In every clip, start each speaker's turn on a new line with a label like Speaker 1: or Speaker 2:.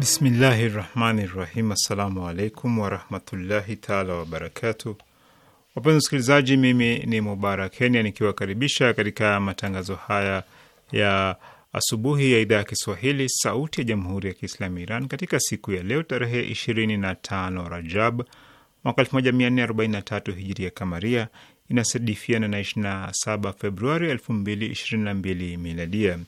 Speaker 1: Bismillahi rahmani rahim. Assalamu alaikum warahmatullahi taala wabarakatu. Wapenzi wasikilizaji, mimi ni Mubarak Kenya nikiwakaribisha katika matangazo haya ya asubuhi ya idhaa ya Kiswahili sauti ya jamhuri ya Kiislamu Iran katika siku ya leo tarehe 25 Rajab mwaka 1443 hijiria kamaria inasadifiana na 27 Februari 2022 miladia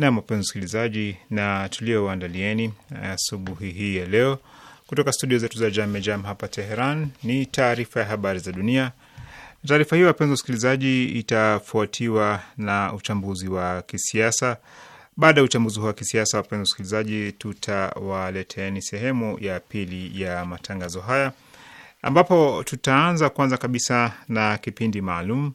Speaker 1: na mapenzi msikilizaji, na tulioandalieni eh, asubuhi hii ya leo kutoka studio zetu za Jam Jam hapa Teheran ni taarifa ya habari za dunia. Taarifa hiyo wapenzi wasikilizaji, itafuatiwa na uchambuzi wa kisiasa. Baada ya uchambuzi wa kisiasa, wapenzi wasikilizaji, tutawaleteni sehemu ya pili ya matangazo haya ambapo tutaanza kwanza kabisa na kipindi maalum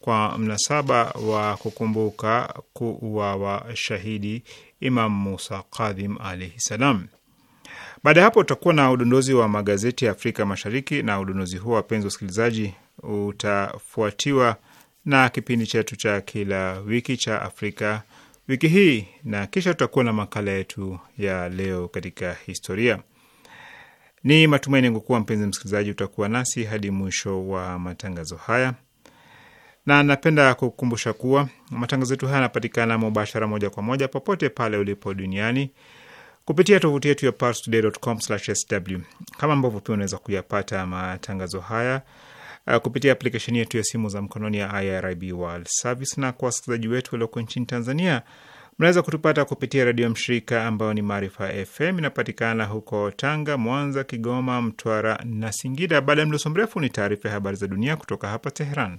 Speaker 1: kwa mnasaba wa kukumbuka kuuawa shahidi Imam Musa Kadhim alaihi salam. Baada ya hapo tutakuwa na udondozi wa magazeti ya Afrika Mashariki, na udondozi huo, wapenzi wasikilizaji, utafuatiwa na kipindi chetu cha kila wiki cha Afrika wiki hii, na kisha tutakuwa na makala yetu ya leo katika historia. Ni matumaini yangu kuwa mpenzi msikilizaji utakuwa nasi hadi mwisho wa matangazo haya na napenda kukumbusha kuwa matangazo yetu haya yanapatikana mubashara, moja kwa moja, popote pale ulipo duniani kupitia tovuti yetu ya parstoday.com/sw, kama ambavyo pia unaweza kuyapata matangazo haya uh, kupitia aplikesheni yetu ya simu za mkononi ya IRIB World Service. Na kwa wasikilizaji wetu walioko nchini Tanzania, mnaweza kutupata kupitia redio mshirika ambayo ni Maarifa FM, inapatikana huko Tanga, Mwanza, Kigoma, Mtwara na Singida. Baada ya mdoso mrefu, ni taarifa ya habari za dunia kutoka hapa Teheran.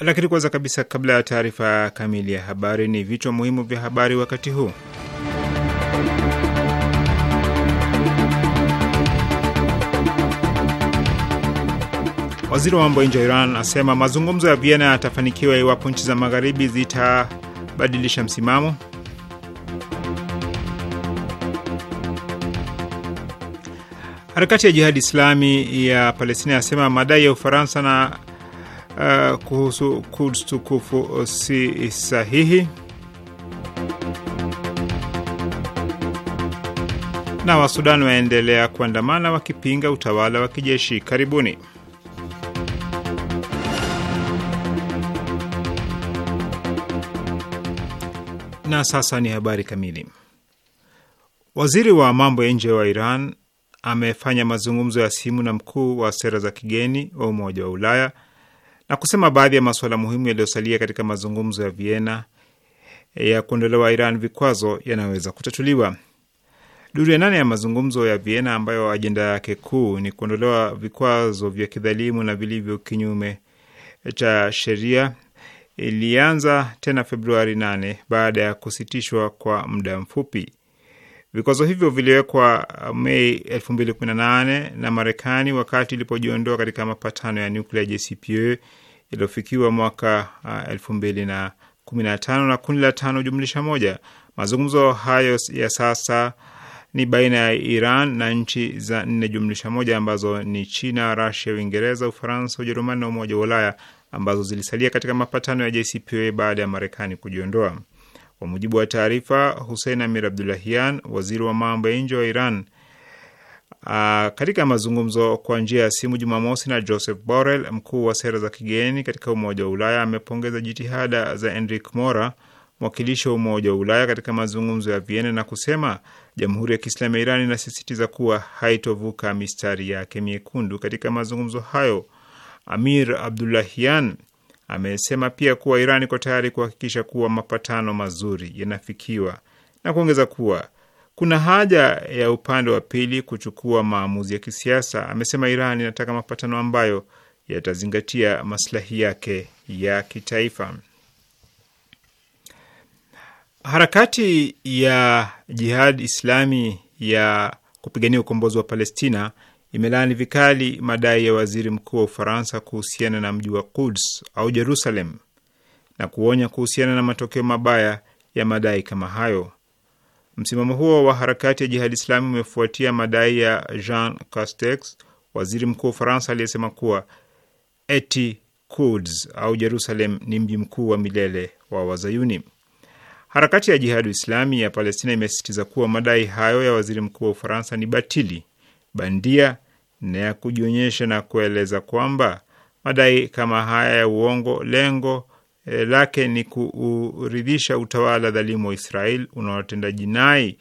Speaker 1: Lakini kwanza kabisa, kabla ya taarifa kamili ya habari, ni vichwa muhimu vya habari wakati huu. Waziri wa mambo ya nje wa Iran asema mazungumzo ya Vienna yatafanikiwa iwapo nchi za magharibi zitabadilisha msimamo. Harakati ya Jihadi Islami ya Palestina yasema madai ya Ufaransa na uh, kuhusu Quds tukufu eh, si sahihi. Na Wasudani waendelea kuandamana wakipinga utawala wa kijeshi. Karibuni. Na sasa ni habari kamili. Waziri wa mambo ya nje wa Iran amefanya mazungumzo ya simu na mkuu wa sera za kigeni wa Umoja wa Ulaya na kusema baadhi ya masuala muhimu yaliyosalia katika mazungumzo ya Vienna ya kuondolewa Iran vikwazo yanaweza kutatuliwa. Duru ya nane ya mazungumzo ya Vienna ambayo ajenda yake kuu ni kuondolewa vikwazo vya kidhalimu na vilivyo kinyume cha sheria ilianza tena Februari 8 baada ya kusitishwa kwa muda mfupi. Vikwazo hivyo viliwekwa uh, Mei 2018 na Marekani wakati ilipojiondoa katika mapatano ya nuklia JCPOA yaliyofikiwa mwaka 2015 uh, na kundi la tano jumlisha moja. Mazungumzo hayo ya sasa ni baina ya Iran na nchi za nne jumlisha moja ambazo ni China, Rusia, Uingereza, Ufaransa, Ujerumani na Umoja wa Ulaya ambazo zilisalia katika mapatano ya JCPOA baada ya Marekani kujiondoa. Kwa mujibu wa taarifa, Hussein Amir Abdulahian, waziri wa mambo ya nje wa Iran, a, katika mazungumzo kwa njia ya simu Jumamosi na Joseph Borrell, mkuu wa sera za kigeni katika Umoja wa Ulaya, amepongeza jitihada za Enrique Mora, mwakilishi wa Umoja wa Ulaya katika mazungumzo ya Vienna na kusema Jamhuri ya Kiislamu ya Iran inasisitiza kuwa haitovuka mistari yake miekundu katika mazungumzo hayo. Amir Abdulahian Amesema pia kuwa Iran iko tayari kuhakikisha kuwa mapatano mazuri yanafikiwa na kuongeza kuwa kuna haja ya upande wa pili kuchukua maamuzi ya kisiasa. Amesema Iran inataka mapatano ambayo yatazingatia maslahi yake ya kitaifa. Harakati ya Jihad Islami ya kupigania ukombozi wa Palestina imelaani vikali madai ya waziri mkuu wa Ufaransa kuhusiana na mji wa Quds au Jerusalem na kuonya kuhusiana na matokeo mabaya ya madai kama hayo. Msimamo huo wa harakati ya Jihadi Islami umefuatia madai ya Jean Castex, waziri mkuu wa Ufaransa, aliyesema kuwa eti Quds au Jerusalem ni mji mkuu wa milele wa Wazayuni. Harakati ya Jihadi Islami ya Palestina imesisitiza kuwa madai hayo ya waziri mkuu wa Ufaransa ni batili, bandia na ya kujionyesha na kueleza kwamba madai kama haya ya uongo lengo e, lake ni kuuridhisha utawala dhalimu wa Israel unaotenda jinai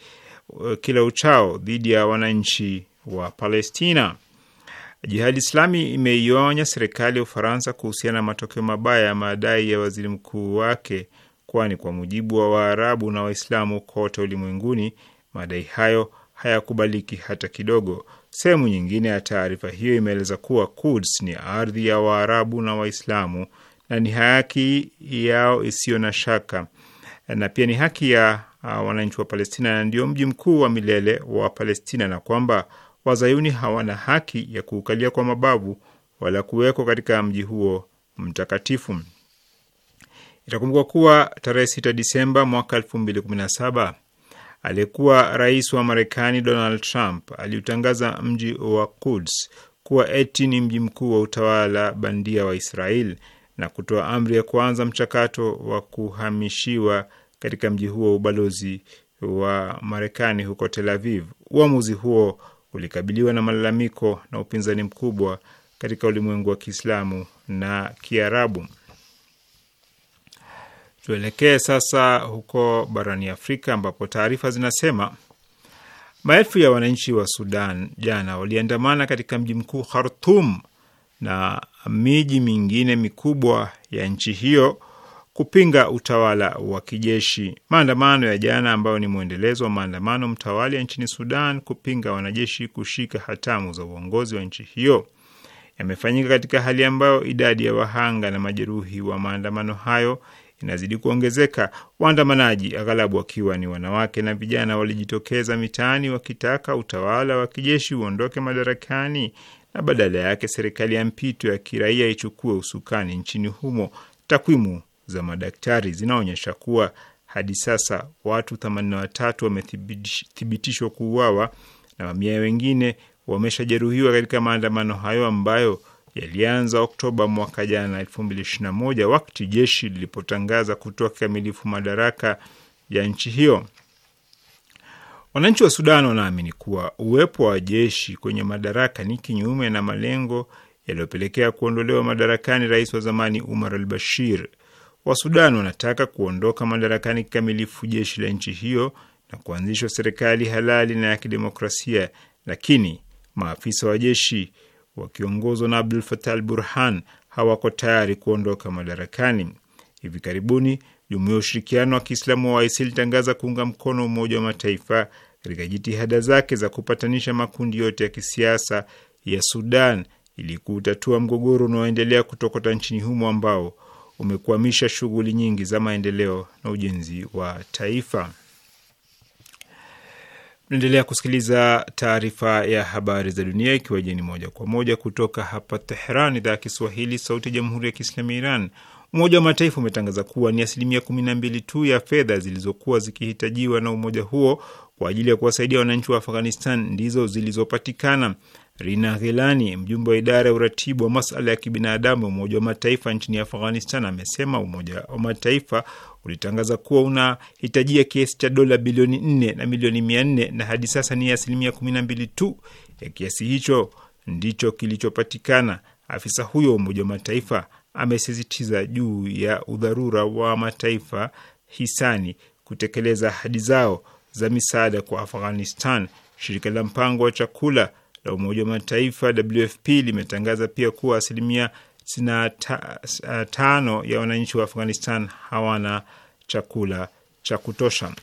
Speaker 1: e, kila uchao dhidi ya wananchi wa Palestina. Jihadi Islami imeionya serikali ya Ufaransa kuhusiana na matokeo mabaya ya madai ya waziri mkuu wake, kwani kwa mujibu wa Waarabu na Waislamu kote ulimwenguni madai hayo hayakubaliki hata kidogo. Sehemu nyingine ya taarifa hiyo imeeleza kuwa Kuds ni ardhi ya Waarabu na Waislamu na ni haki yao isiyo na shaka na pia ni haki ya uh, wananchi wa Palestina na ndio mji mkuu wa milele wa Palestina, na kwamba wazayuni hawana haki ya kuukalia kwa mabavu wala kuwekwa katika mji huo mtakatifu. itakumbukwa kuwa tarehe 6 Disemba mwaka 2017 aliyekuwa rais wa Marekani Donald Trump aliutangaza mji wa Quds kuwa eti ni mji mkuu wa utawala bandia wa Israel na kutoa amri ya kuanza mchakato wa kuhamishiwa katika mji huo ubalozi wa Marekani huko Tel Aviv. Uamuzi huo ulikabiliwa na malalamiko na upinzani mkubwa katika ulimwengu wa Kiislamu na Kiarabu. Tuelekee sasa huko barani Afrika ambapo taarifa zinasema maelfu ya wananchi wa Sudan jana waliandamana katika mji mkuu Khartum na miji mingine mikubwa ya nchi hiyo kupinga utawala wa kijeshi. Maandamano ya jana ambayo ni mwendelezo wa maandamano mtawali ya nchini Sudan kupinga wanajeshi kushika hatamu za uongozi wa nchi hiyo yamefanyika katika hali ambayo idadi ya wahanga na majeruhi wa maandamano hayo inazidi kuongezeka. Waandamanaji, aghalabu wakiwa ni wanawake na vijana, walijitokeza mitaani wakitaka utawala wa kijeshi uondoke madarakani na badala yake serikali ya mpito ya kiraia ichukue usukani nchini humo. Takwimu za madaktari zinaonyesha kuwa hadi sasa watu 83 wamethibitishwa kuuawa na mamia wengine wameshajeruhiwa katika maandamano hayo ambayo yalianza Oktoba mwaka jana 2021 wakati jeshi lilipotangaza kutoa kikamilifu madaraka ya nchi hiyo. Wananchi wa Sudan wanaamini kuwa uwepo wa jeshi kwenye madaraka ni kinyume na malengo yaliyopelekea kuondolewa madarakani rais wa zamani Umar al Bashir. Wasudan wanataka kuondoka madarakani kikamilifu jeshi la nchi hiyo na kuanzishwa serikali halali na ya kidemokrasia, lakini maafisa wa jeshi wakiongozwa na Abdul Fatah al Burhan hawako tayari kuondoka madarakani. Hivi karibuni Jumuiya ya Ushirikiano wa Kiislamu wa IC ilitangaza kuunga mkono Umoja wa Mataifa katika jitihada zake za kupatanisha makundi yote ya kisiasa ya Sudan ili kutatua mgogoro unaoendelea kutokota nchini humo ambao umekwamisha shughuli nyingi za maendeleo na ujenzi wa taifa. Naendelea kusikiliza taarifa ya habari za dunia ikiwa jeni moja kwa moja kutoka hapa Teheran, idhaa ya Kiswahili, sauti ya jamhuri ya kiislamu ya Iran. Umoja wa Mataifa umetangaza kuwa ni asilimia kumi na mbili tu ya fedha zilizokuwa zikihitajiwa na umoja huo kwa ajili ya kuwasaidia wananchi wa Afghanistan ndizo zilizopatikana. Rina Ghilani, mjumbe wa idara ya uratibu wa masala ya kibinadamu ya Umoja wa Mataifa nchini Afghanistan, amesema Umoja wa Mataifa ulitangaza kuwa unahitajia kiasi cha dola bilioni 4 na milioni nne na hadi sasa ni asilimia 12 tu ya kiasi hicho ndicho kilichopatikana. Afisa huyo wa Umoja wa Mataifa amesisitiza juu ya udharura wa mataifa hisani kutekeleza ahadi zao za misaada kwa Afghanistan. Shirika la mpango wa chakula la Umoja wa Mataifa WFP limetangaza pia kuwa asilimia 95 eh, ya wananchi wa Afghanistan hawana chakula cha kutosha.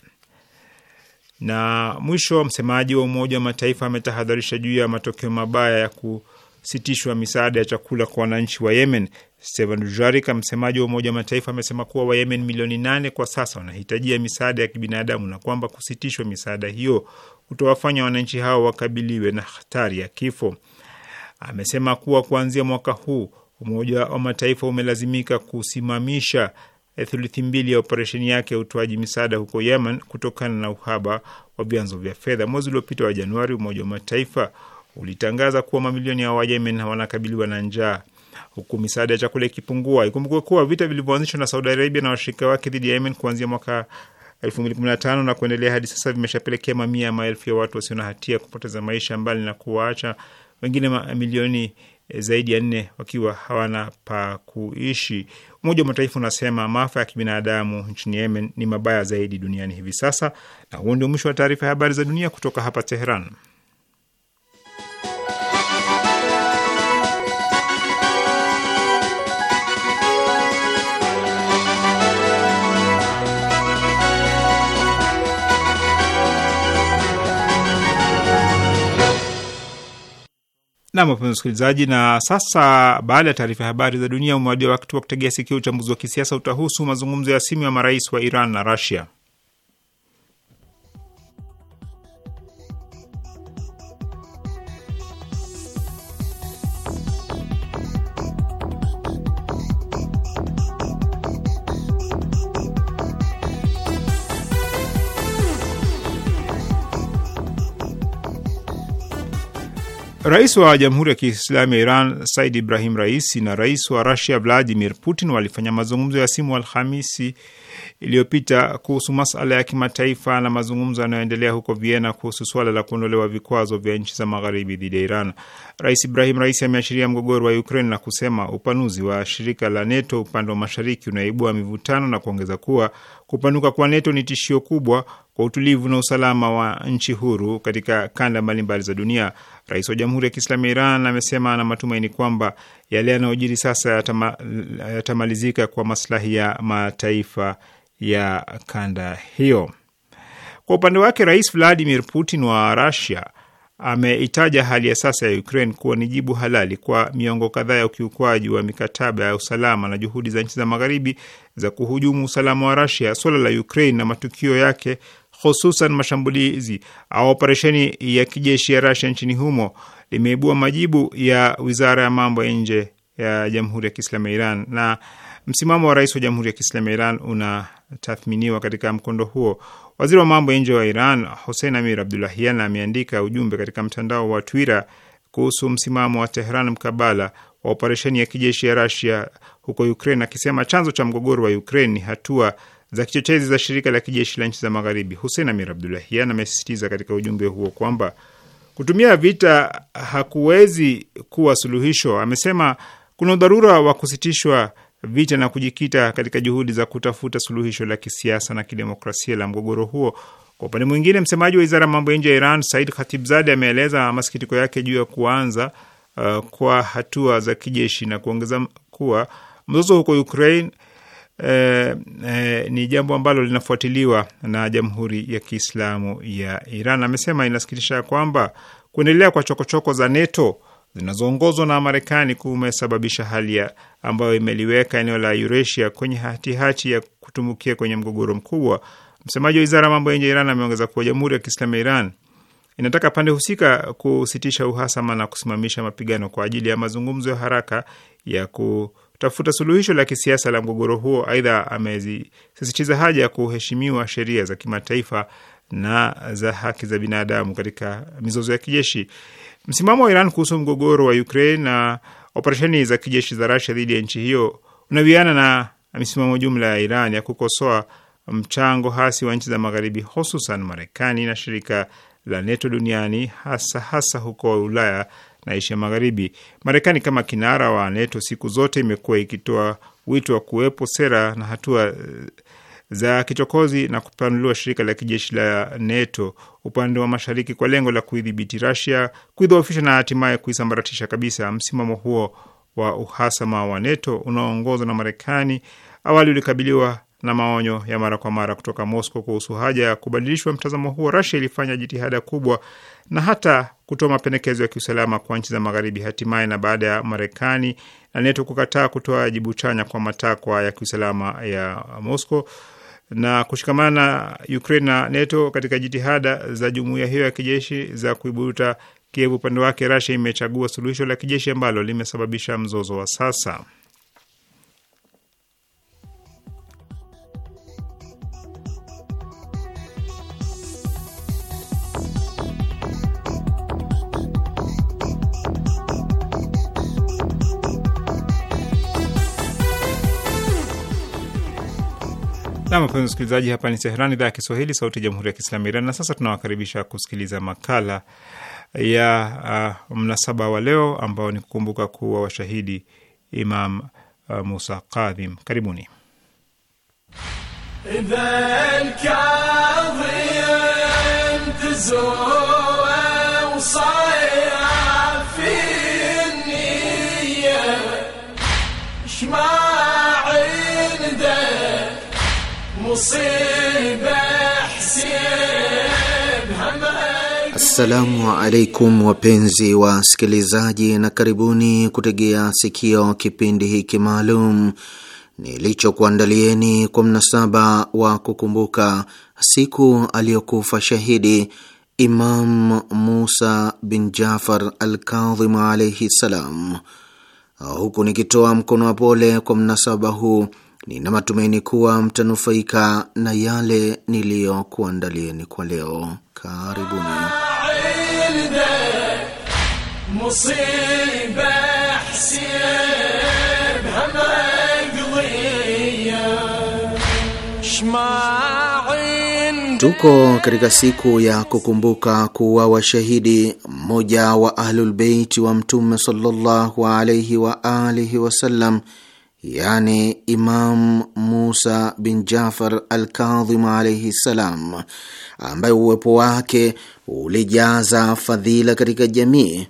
Speaker 1: Na mwisho, msemaji wa Umoja wa Mataifa ametahadharisha juu ya matokeo mabaya ya kusitishwa misaada ya chakula kwa wananchi wa Yemen. Stephane Dujarric, msemaji wa Umoja wa Mataifa, amesema kuwa Wayemen milioni nane kwa sasa wanahitajia misaada ya kibinadamu na kwamba kusitishwa misaada hiyo kutowafanya wananchi hao wakabiliwe na hatari ya kifo. Amesema kuwa kuanzia mwaka huu Umoja wa Mataifa umelazimika kusimamisha thuluthi mbili ya operesheni yake ya utoaji misaada huko Yemen kutokana na uhaba wa vyanzo vya fedha. Mwezi uliopita wa Januari, Umoja wa Mataifa ulitangaza kuwa mamilioni ya Wayemen wanakabiliwa na njaa huku misaada ya chakula ikipungua. Ikumbukwe kuwa vita vilivyoanzishwa na Saudi Arabia na washirika wake dhidi ya Yemen kuanzia mwaka 2015 na kuendelea hadi sasa vimeshapelekea mamia ya maelfu ya watu wasio na hatia kupoteza maisha, mbali na kuwaacha wengine mamilioni eh, zaidi ya nne wakiwa hawana pa kuishi. Umoja wa Mataifa unasema maafa ya kibinadamu nchini Yemen ni mabaya zaidi duniani hivi sasa. Na huo ndio mwisho wa taarifa ya habari za dunia kutoka hapa Teheran. Nam, wapenzi msikilizaji, na sasa baada ya taarifa ya habari za dunia, umewadia wakati wa kutegea sikio. Uchambuzi wa kisiasa utahusu mazungumzo ya simu ya marais wa Iran na Rasia. Rais wa Jamhuri ya Kiislamu ya Iran Said Ibrahim Raisi na rais wa Rusia Vladimir Putin walifanya mazungumzo ya simu Alhamisi iliyopita kuhusu masala ya kimataifa na mazungumzo yanayoendelea huko Vienna kuhusu suala la kuondolewa vikwazo vya nchi za magharibi dhidi ya Iran, Rais Ibrahim Raisi ameashiria mgogoro wa Ukraine na kusema upanuzi wa shirika la NATO upande wa mashariki unaibua mivutano na kuongeza kuwa kupanuka kwa NATO ni tishio kubwa kwa utulivu na usalama wa nchi huru katika kanda mbalimbali za dunia. Rais wa Jamhuri ya Kiislamu ya Iran amesema ana matumaini kwamba yale yanayojiri sasa yatamalizika kwa maslahi ya mataifa ya kanda hiyo. Kwa upande wake, Rais Vladimir Putin wa rasia ameitaja hali ya sasa ya Ukraine kuwa ni jibu halali kwa miongo kadhaa ya ukiukwaji wa mikataba ya usalama na juhudi za nchi za magharibi za kuhujumu usalama wa rasia Suala la Ukraine na matukio yake, hususan mashambulizi au operesheni ya kijeshi ya rasia nchini humo limeibua majibu ya wizara ya mambo ya nje ya Jamhuri ya Kiislamu ya Iran na msimamo wa rais wa Jamhuri ya Kiislamu ya Iran unatathminiwa katika mkondo huo. Waziri wa mambo ya nje wa Iran Hussein Amir Abdulahian ameandika ujumbe katika mtandao wa Twitter kuhusu msimamo wa Tehran mkabala wa operesheni ya kijeshi ya Rasia huko Ukraine, akisema chanzo cha mgogoro wa Ukraine ni hatua za kichochezi za shirika la kijeshi la nchi za Magharibi. Hussein Amir Abdulahian amesisitiza katika ujumbe huo kwamba kutumia vita hakuwezi kuwa suluhisho. Amesema kuna udharura wa kusitishwa vita na kujikita katika juhudi za kutafuta suluhisho la kisiasa na kidemokrasia la mgogoro huo. Kwa upande mwingine, msemaji wa wizara ya mambo ya nje ya Iran Said khatibzadi ameeleza masikitiko yake juu ya kuanza uh, kwa hatua za kijeshi na kuongeza kuwa mzozo huko Ukraine eh, eh, ni jambo ambalo linafuatiliwa na Jamhuri ya Kiislamu ya Iran. Amesema inasikitisha kwamba kuendelea kwa chokochoko -choko za NATO zinazoongozwa na Marekani kumesababisha hali ya ambayo imeliweka eneo la Eurasia kwenye hatihati hati ya kutumbukia kwenye mgogoro mkubwa. Msemaji wa wizara ya mambo ya nje ya Iran ameongeza kuwa Jamhuri ya Kiislamu ya Iran inataka pande husika kusitisha uhasama na kusimamisha mapigano kwa ajili ya mazungumzo ya haraka ya ku kutafuta suluhisho la kisiasa la mgogoro huo. Aidha, amezisisitiza haja ya kuheshimiwa sheria za kimataifa na za haki za binadamu katika mizozo ya kijeshi. Msimamo wa Iran kuhusu mgogoro wa Ukraine na operesheni za kijeshi za rasia dhidi ya nchi hiyo unawiana na misimamo jumla ya Iran ya kukosoa mchango hasi wa nchi za Magharibi, hususan Marekani na shirika la NATO duniani, hasa hasa huko Ulaya na Asia Magharibi. Marekani kama kinara wa NATO siku zote imekuwa ikitoa wito wa kuwepo sera na hatua eh, za kichokozi na kupanuliwa shirika la kijeshi la NATO upande wa mashariki kwa lengo la kuidhibiti Russia, kuidhoofisha na hatimaye kuisambaratisha kabisa. Msimamo huo wa uhasama wa NATO unaoongozwa na Marekani awali ulikabiliwa na maonyo ya mara kwa mara kutoka Moscow kuhusu haja ya kubadilishwa mtazamo huo. Russia ilifanya jitihada kubwa na hata kutoa mapendekezo ya kiusalama kwa nchi za Magharibi. Hatimaye, na baada ya Marekani na NATO kukataa kutoa jibu chanya kwa matakwa ya kiusalama ya Moscow na kushikamana na Ukraine na NATO katika jitihada za jumuiya hiyo ya kijeshi za kuiburuta Kiev, upande wake Russia imechagua suluhisho la kijeshi ambalo limesababisha mzozo wa sasa. Nam mpenzi msikilizaji, hapa ni Teheran, idhaa ya Kiswahili, sauti ya jamhuri ya kiislamu Iran. Na sasa tunawakaribisha kusikiliza makala ya uh, mnasaba wa leo ambao ni kukumbuka kuwa washahidi Imam uh, Musa Kadhim. Karibuni.
Speaker 2: Assalamu alaikum wapenzi sikilizaji, na karibuni kutegea sikio kipindi hiki maalum nilichokuandalieni kwa mnasaba wa kukumbuka siku aliyokufa shahidi Imam Musa bin Jafar Alkadhimu alaihi ssalam, huku nikitoa mkono wa pole kwa mnasaba huu Nina matumaini kuwa mtanufaika na yale niliyokuandalieni kwa leo. Karibuni. Tuko katika siku ya kukumbuka kuwa washahidi mmoja wa Ahlulbeiti wa Mtume sallallahu alaihi wa alihi wasallam yani Imam Musa bin Jafar al Kadhim alaihi ssalam, ambaye uwepo wake ulijaza fadhila katika jamii.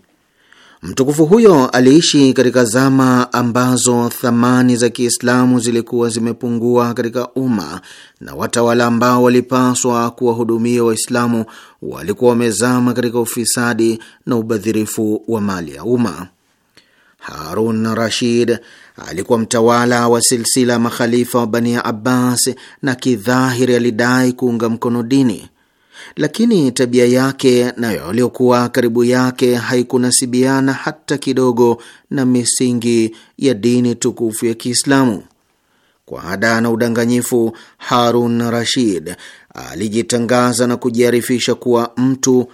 Speaker 2: Mtukufu huyo aliishi katika zama ambazo thamani za Kiislamu zilikuwa zimepungua katika umma na watawala ambao walipaswa kuwahudumia Waislamu walikuwa wamezama katika ufisadi na ubadhirifu wa mali ya umma. Harun Rashid alikuwa mtawala wa silsila makhalifa wa Bani Abbas na kidhahiri alidai kuunga mkono dini, lakini tabia yake na yaliyokuwa karibu yake haikunasibiana hata kidogo na misingi ya dini tukufu ya Kiislamu. Kwa ada na udanganyifu, Harun Rashid alijitangaza na kujiarifisha kuwa mtu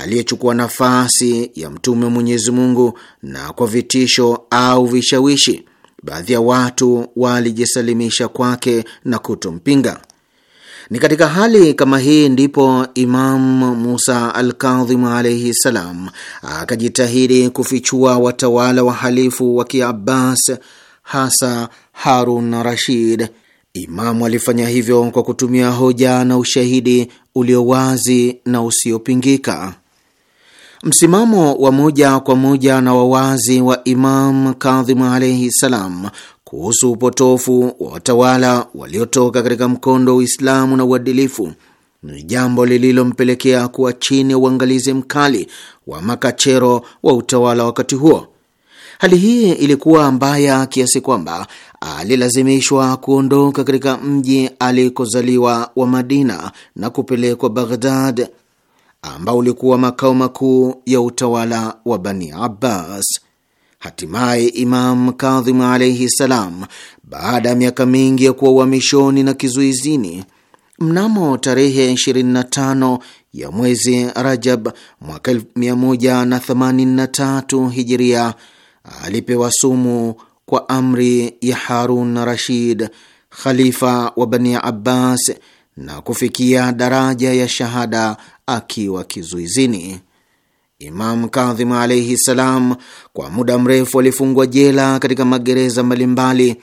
Speaker 2: aliyechukua nafasi ya Mtume wa Mwenyezi Mungu na kwa vitisho au vishawishi baadhi ya watu walijisalimisha kwake na kutompinga. Ni katika hali kama hii ndipo imam Musa Alkadhimu alaihi ssalam akajitahidi kufichua watawala wahalifu wa Kiabbas, hasa Harun Rashid. Imamu alifanya hivyo kwa kutumia hoja na ushahidi ulio wazi na usiopingika. Msimamo wa moja kwa moja na wawazi wa Imam Kadhimu alaihi salam kuhusu upotofu wa watawala waliotoka katika mkondo wa Uislamu na uadilifu ni jambo lililompelekea kuwa chini ya uangalizi mkali wa makachero wa utawala wakati huo. Hali hii ilikuwa mbaya kiasi kwamba alilazimishwa kuondoka katika mji alikozaliwa wa Madina na kupelekwa Baghdad ambao ulikuwa makao makuu ya utawala wa Bani Abbas. Hatimaye Imam Kadhim alaihi salam, baada ya miaka mingi ya kuwa uhamishoni na kizuizini, mnamo tarehe 25 ya mwezi Rajab mwaka 183 Hijiria alipewa sumu kwa amri ya Harun Rashid, khalifa wa Bani Abbas na kufikia daraja ya shahada akiwa kizuizini. Imam Kadhim alaihi ssalam kwa muda mrefu alifungwa jela katika magereza mbalimbali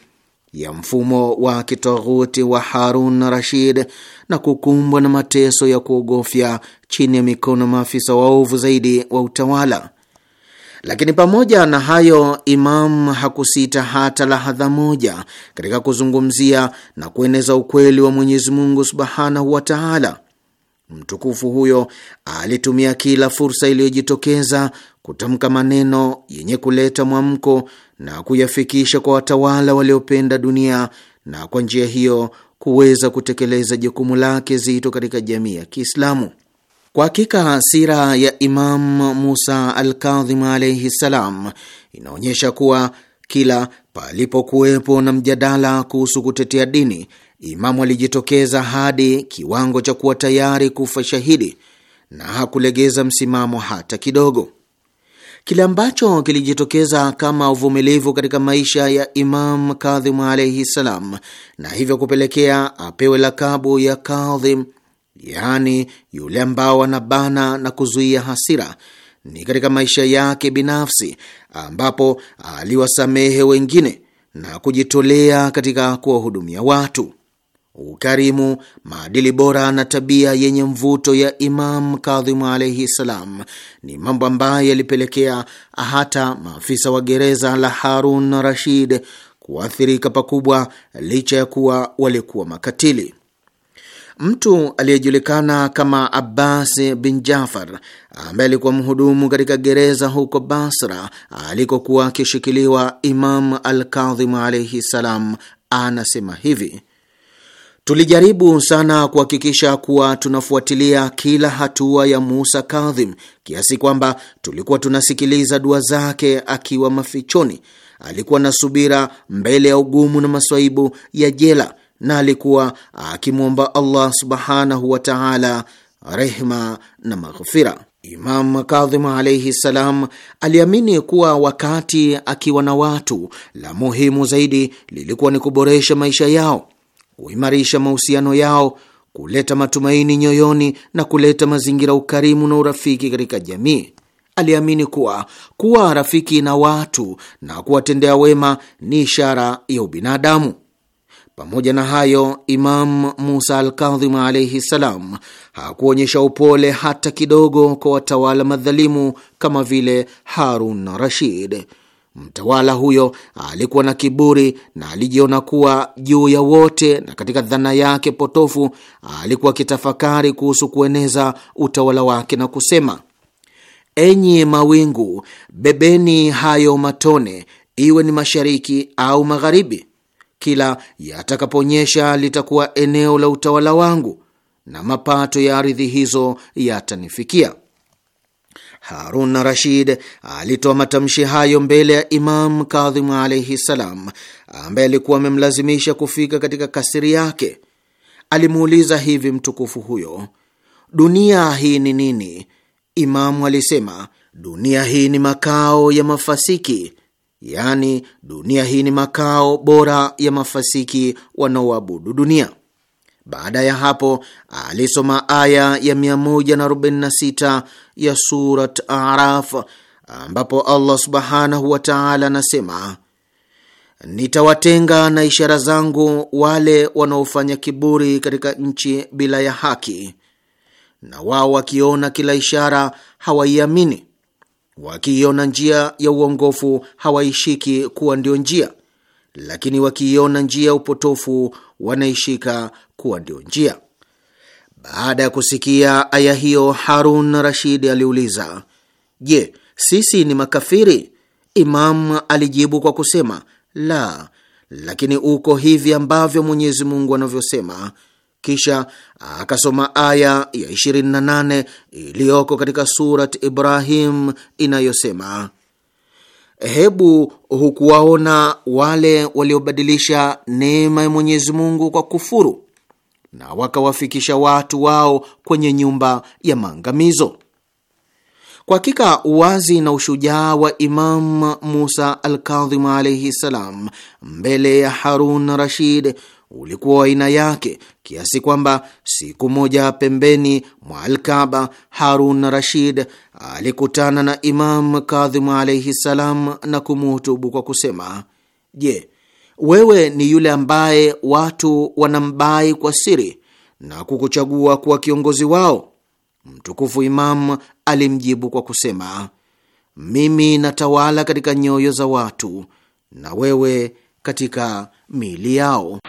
Speaker 2: ya mfumo wa kitoghuti wa Harun Rashid na kukumbwa na mateso ya kuogofya chini ya mikono maafisa waovu zaidi wa utawala. Lakini pamoja na hayo, Imam hakusita hata lahadha moja katika kuzungumzia na kueneza ukweli wa Mwenyezi Mungu subhanahu wa taala. Mtukufu huyo alitumia kila fursa iliyojitokeza kutamka maneno yenye kuleta mwamko na kuyafikisha kwa watawala waliopenda dunia na kwa njia hiyo kuweza kutekeleza jukumu lake zito katika jamii ya Kiislamu. Kwa hakika sira ya Imam Musa Alkadhim alaihi ssalam inaonyesha kuwa kila palipokuwepo na mjadala kuhusu kutetea dini, Imamu alijitokeza hadi kiwango cha kuwa tayari kufa shahidi na hakulegeza msimamo hata kidogo. Kile ambacho kilijitokeza kama uvumilivu katika maisha ya Imam Kadhim alaihi ssalam, na hivyo kupelekea apewe lakabu ya Kadhim yaani yule ambao anabana na kuzuia hasira, ni katika maisha yake binafsi ambapo aliwasamehe wengine na kujitolea katika kuwahudumia watu. Ukarimu, maadili bora na tabia yenye mvuto ya Imam Kadhimu alaihi ssalam ni mambo ambayo yalipelekea hata maafisa wa gereza la Harun Rashid kuathirika pakubwa, licha ya kuwa walikuwa makatili. Mtu aliyejulikana kama Abbas bin Jafar ambaye alikuwa mhudumu katika gereza huko Basra alikokuwa akishikiliwa Imam Alkadhimu alaihi ssalam, anasema hivi: Tulijaribu sana kuhakikisha kuwa tunafuatilia kila hatua ya Musa Kadhim, kiasi kwamba tulikuwa tunasikiliza dua zake akiwa mafichoni. Alikuwa na subira mbele ya ugumu na maswaibu ya jela na alikuwa akimwomba Allah subhanahu wa taala rehma na maghfira. Imam Kadhim alaihi ssalam aliamini kuwa wakati akiwa na watu, la muhimu zaidi lilikuwa ni kuboresha maisha yao, kuimarisha mahusiano yao, kuleta matumaini nyoyoni na kuleta mazingira ukarimu na urafiki katika jamii. Aliamini kuwa kuwa rafiki na watu na kuwatendea wema ni ishara ya ubinadamu. Pamoja na hayo, Imam Musa Alkadhim alaihi ssalam hakuonyesha upole hata kidogo kwa watawala madhalimu kama vile Harun Rashid. Mtawala huyo alikuwa na kiburi na alijiona kuwa juu ya wote, na katika dhana yake potofu alikuwa akitafakari kuhusu kueneza utawala wake na kusema: enyi mawingu, bebeni hayo matone, iwe ni mashariki au magharibi kila yatakaponyesha litakuwa eneo la utawala wangu na mapato ya ardhi hizo yatanifikia. Harun Rashid alitoa matamshi hayo mbele ya Imam Kadhimu alaihi ssalam, ambaye alikuwa amemlazimisha kufika katika kasiri yake. Alimuuliza hivi mtukufu huyo, dunia hii ni nini? Imamu alisema, dunia hii ni makao ya mafasiki yaani dunia hii ni makao bora ya mafasiki wanaoabudu dunia. Baada ya hapo alisoma aya ya 146 ya Surat Araf ambapo Allah subhanahu wa taala anasema, nitawatenga na ishara zangu wale wanaofanya kiburi katika nchi bila ya haki, na wao wakiona kila ishara hawaiamini Wakiiona njia ya uongofu hawaishiki kuwa ndio njia, lakini wakiiona njia ya upotofu wanaishika kuwa ndio njia. Baada ya kusikia aya hiyo, Harun Rashidi aliuliza, Je, sisi ni makafiri? Imam alijibu kwa kusema la, lakini uko hivi ambavyo Mwenyezi Mungu anavyosema kisha akasoma aya ya 28 iliyoko katika Surat Ibrahim inayosema: Hebu hukuwaona wale waliobadilisha neema ya Mwenyezi Mungu kwa kufuru na wakawafikisha watu wao kwenye nyumba ya maangamizo. Kwa hakika uwazi na ushujaa wa Imam Musa alkadhimu alaihi ssalam mbele ya Harun Rashid ulikuwa wa aina yake kiasi kwamba siku moja pembeni mwa Alkaba Harun Rashid alikutana na Imam Kadhimu alaihi salam na kumuhutubu kwa kusema: Je, wewe ni yule ambaye watu wanambai kwa siri na kukuchagua kuwa kiongozi wao? Mtukufu Imam alimjibu kwa kusema: mimi natawala katika nyoyo za watu na wewe katika miili yao.